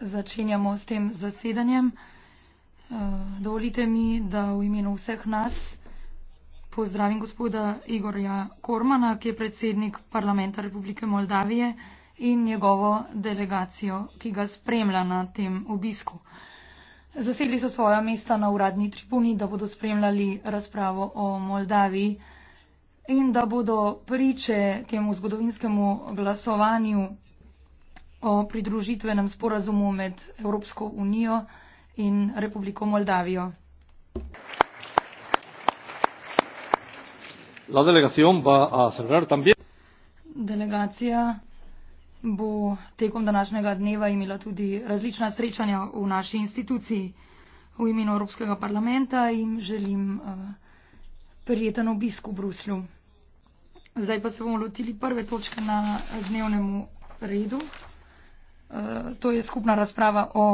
začenjamo s tem zasedanjem. Eh, dovolite mi, da v imenu vseh nas pozdravim gospoda Igorja Kormana, ki je predsednik parlamenta Republike Moldavije in njegovo delegacijo, ki ga spremlja na tem obisku. Zasedli so svoja mesta na uradni tribuni, da bodo spremljali razpravo o Moldaviji in da bodo priče temu zgodovinskemu glasovanju o pridružitvenem sporazumu med Evropsko unijo in Republiko Moldavijo. La delegación va a cerrar también. Delegacija bo tekom današnjega dneva imela tudi različna srečanja v naši instituciji. V imenu Evropskega parlamenta jim želim eh, prijeten obisk v Bruslju. Zdaj pa se bomo lotili prve točke na dnevnemu redu. Eh, to je skupna razprava o